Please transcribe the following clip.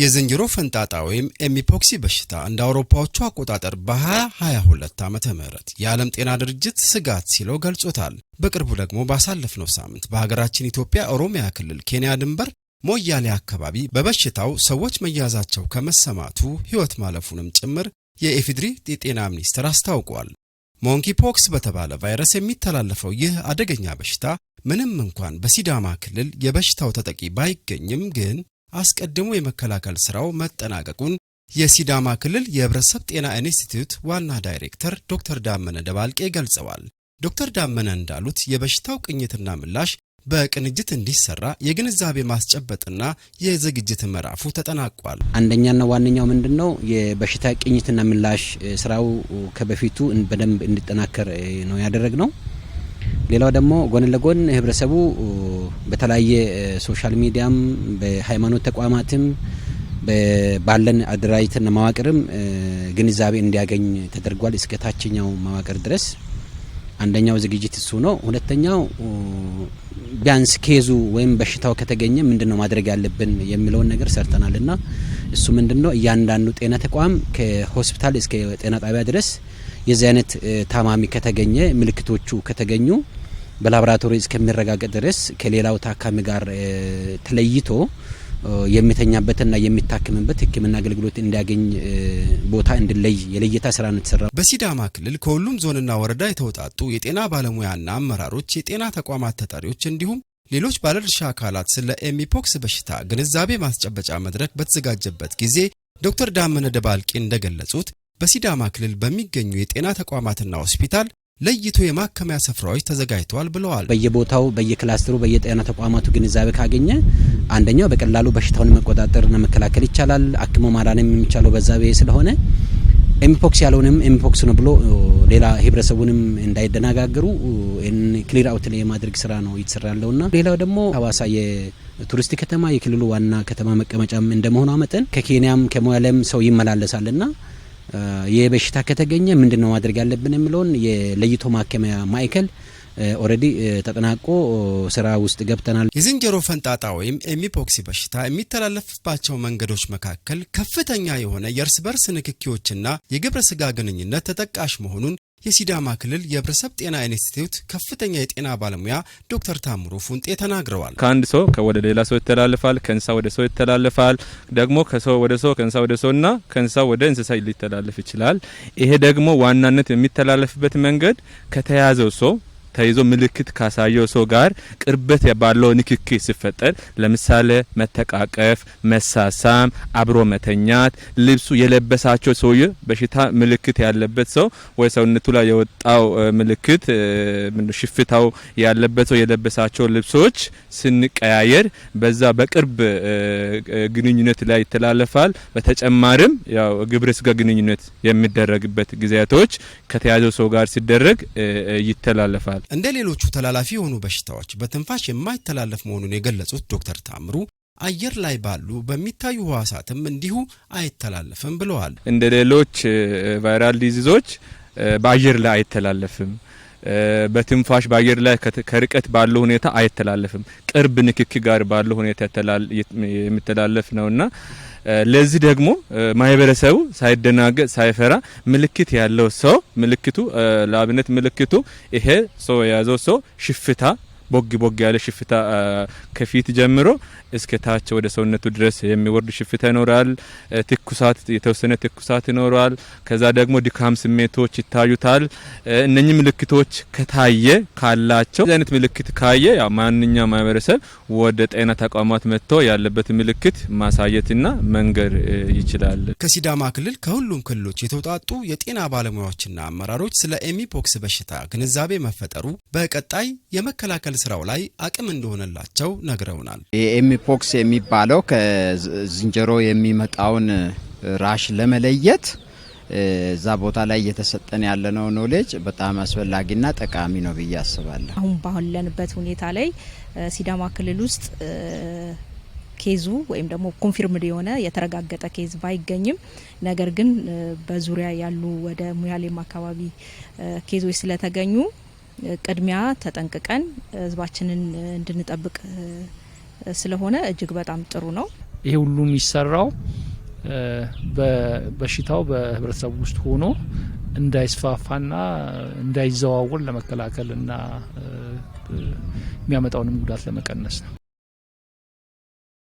የዝንጀሮ ፈንጣጣ ወይም ኤሚፖክሲ በሽታ እንደ አውሮፓዎቹ አቆጣጠር በ2022 ዓ ም የዓለም ጤና ድርጅት ስጋት ሲለው ገልጾታል። በቅርቡ ደግሞ ባሳለፍነው ሳምንት በሀገራችን ኢትዮጵያ ኦሮሚያ ክልል ኬንያ ድንበር ሞያሌ አካባቢ በበሽታው ሰዎች መያዛቸው ከመሰማቱ ሕይወት ማለፉንም ጭምር የኢፌዴሪ የጤና ሚኒስቴር አስታውቋል። ሞንኪ ፖክስ በተባለ ቫይረስ የሚተላለፈው ይህ አደገኛ በሽታ ምንም እንኳን በሲዳማ ክልል የበሽታው ተጠቂ ባይገኝም ግን አስቀድሞ የመከላከል ስራው መጠናቀቁን የሲዳማ ክልል የህብረተሰብ ጤና ኢንስቲትዩት ዋና ዳይሬክተር ዶክተር ዳመነ ደባልቄ ገልጸዋል። ዶክተር ዳመነ እንዳሉት የበሽታው ቅኝትና ምላሽ በቅንጅት እንዲሰራ የግንዛቤ ማስጨበጥና የዝግጅት ምዕራፉ ተጠናቋል። አንደኛና ዋነኛው ምንድን ነው? የበሽታ ቅኝትና ምላሽ ስራው ከበፊቱ በደንብ እንዲጠናከር ነው ያደረግ ነው። ሌላው ደግሞ ጎን ለጎን ህብረተሰቡ በተለያየ ሶሻል ሚዲያም በሃይማኖት ተቋማትም ባለን አደራጅትና መዋቅርም ግንዛቤ እንዲያገኝ ተደርጓል። እስከ ታችኛው መዋቅር ድረስ አንደኛው ዝግጅት እሱ ነው። ሁለተኛው ቢያንስ ኬዙ ወይም በሽታው ከተገኘ ምንድን ነው ማድረግ ያለብን የሚለውን ነገር ሰርተናል ና እሱ ምንድን ነው እያንዳንዱ ጤና ተቋም ከሆስፒታል እስከ ጤና ጣቢያ ድረስ የዚህ አይነት ታማሚ ከተገኘ ምልክቶቹ ከተገኙ በላቦራቶሪ እስከሚረጋገጥ ድረስ ከሌላው ታካሚ ጋር ተለይቶ የሚተኛበትና የሚታክምበት ሕክምና አገልግሎት እንዲያገኝ ቦታ እንድለይ የለየታ ስራ ነው የተሰራ። በሲዳማ ክልል ከሁሉም ዞንና ወረዳ የተውጣጡ የጤና ባለሙያና አመራሮች፣ የጤና ተቋማት ተጠሪዎች እንዲሁም ሌሎች ባለድርሻ አካላት ስለ ኤሚፖክስ በሽታ ግንዛቤ ማስጨበጫ መድረክ በተዘጋጀበት ጊዜ ዶክተር ዳመነ ደባልቂ እንደገለጹት በሲዳማ ክልል በሚገኙ የጤና ተቋማትና ሆስፒታል ለይቶ የማከሚያ ስፍራዎች ተዘጋጅተዋል ብለዋል። በየቦታው በየክላስተሩ፣ በየጤና ተቋማቱ ግንዛቤ ካገኘ አንደኛው በቀላሉ በሽታውን መቆጣጠርና መከላከል ይቻላል። አክሞ ማዳንም የሚቻለው በዛ ስለሆነ ኤምፖክስ ያለውንም ኤምፖክስ ነው ብሎ ሌላ ህብረተሰቡንም እንዳይደናጋገሩ ክሊር አውት የማድረግ ስራ ነው እየተሰራ ያለውና ሌላው ደግሞ ሀዋሳ የቱሪስት ከተማ የክልሉ ዋና ከተማ መቀመጫም እንደመሆኗ መጠን ከኬንያም ከሞያሌም ሰው ይመላለሳልና ይህ በሽታ ከተገኘ ምንድን ነው ማድረግ ያለብን የሚለውን የለይቶ ማከሚያ ማዕከል ኦልሬዲ ተጠናቆ ስራ ውስጥ ገብተናል። የዝንጀሮ ፈንጣጣ ወይም ኤሚፖክሲ በሽታ የሚተላለፍባቸው መንገዶች መካከል ከፍተኛ የሆነ የእርስ በርስ ንክኪዎችና የግብረ ስጋ ግንኙነት ተጠቃሽ መሆኑን የሲዳማ ክልል የህብረተሰብ ጤና ኢንስቲትዩት ከፍተኛ የጤና ባለሙያ ዶክተር ታምሮ ፉንጤ ተናግረዋል። ከአንድ ሰው ወደ ሌላ ሰው ይተላለፋል፣ ከእንስሳ ወደ ሰው ይተላለፋል፣ ደግሞ ከሰው ወደ ሰው፣ ከእንስሳ ወደ ሰው እና ከእንስሳ ወደ እንስሳ ሊተላለፍ ይችላል። ይሄ ደግሞ ዋናነት የሚተላለፍበት መንገድ ከተያዘው ሰው ተይዞ ምልክት ካሳየው ሰው ጋር ቅርበት ባለው ንክኪ ሲፈጠር ለምሳሌ መተቃቀፍ፣ መሳሳም፣ አብሮ መተኛት፣ ልብሱ የለበሳቸው ሰውዬ በሽታ ምልክት ያለበት ሰው ወይ ሰውነቱ ላይ የወጣው ምልክት ሽፍታው ያለበት ሰው የለበሳቸው ልብሶች ስንቀያየር በዛ በቅርብ ግንኙነት ላይ ይተላለፋል። በተጨማሪም ያው ግብረ ስጋ ግንኙነት የሚደረግበት ጊዜያቶች ከተያዘው ሰው ጋር ሲደረግ ይተላለፋል። ይችላል። እንደ ሌሎቹ ተላላፊ የሆኑ በሽታዎች በትንፋሽ የማይተላለፍ መሆኑን የገለጹት ዶክተር ታምሩ አየር ላይ ባሉ በሚታዩ ህዋሳትም እንዲሁ አይተላለፍም ብለዋል። እንደ ሌሎች ቫይራል ዲዚዞች በአየር ላይ አይተላለፍም። በትንፋሽ በአየር ላይ ከርቀት ባለው ሁኔታ አይተላለፍም። ቅርብ ንክክ ጋር ባለው ሁኔታ የሚተላለፍ ነውና ለዚህ ደግሞ ማህበረሰቡ ሳይደናገጥ ሳይፈራ ምልክት ያለው ሰው ምልክቱ ለአብነት ምልክቱ ይሄ ሰው የያዘው ሰው ሽፍታ ቦግ ቦግ ያለ ሽፍታ ከፊት ጀምሮ እስከ ታች ወደ ሰውነቱ ድረስ የሚወርድ ሽፍታ ይኖራል። ትኩሳት፣ የተወሰነ ትኩሳት ይኖራል። ከዛ ደግሞ ድካም ስሜቶች ይታዩታል። እነኚህ ምልክቶች ከታየ ካላቸው አይነት ምልክት ካየ ማንኛውም ማህበረሰብ ወደ ጤና ተቋማት መጥቶ ያለበት ምልክት ማሳየትና መንገር ይችላል። ከሲዳማ ክልል ከሁሉም ክልሎች የተውጣጡ የጤና ባለሙያዎችና አመራሮች ስለ ኤሚፖክስ በሽታ ግንዛቤ መፈጠሩ በቀጣይ የመከላከል ስራው ላይ አቅም እንደሆነላቸው ነግረውናል። ኤሚፖክስ የሚባለው ከዝንጀሮ የሚመጣውን ራሽ ለመለየት እዛ ቦታ ላይ እየተሰጠን ያለነው ኖሌጅ በጣም አስፈላጊና ጠቃሚ ነው ብዬ አስባለሁ። አሁን ባለንበት ሁኔታ ላይ ሲዳማ ክልል ውስጥ ኬዙ ወይም ደግሞ ኮንፊርምድ የሆነ የተረጋገጠ ኬዝ ባይገኝም ነገር ግን በዙሪያ ያሉ ወደ ሙያሌም አካባቢ ኬዞች ስለተገኙ ቅድሚያ ተጠንቅቀን ህዝባችንን እንድንጠብቅ ስለሆነ እጅግ በጣም ጥሩ ነው። ይሄ ሁሉ የሚሰራው በሽታው በህብረተሰቡ ውስጥ ሆኖ እንዳይስፋፋና እንዳይዘዋወር ለመከላከልና የሚያመጣውንም ጉዳት ለመቀነስ ነው።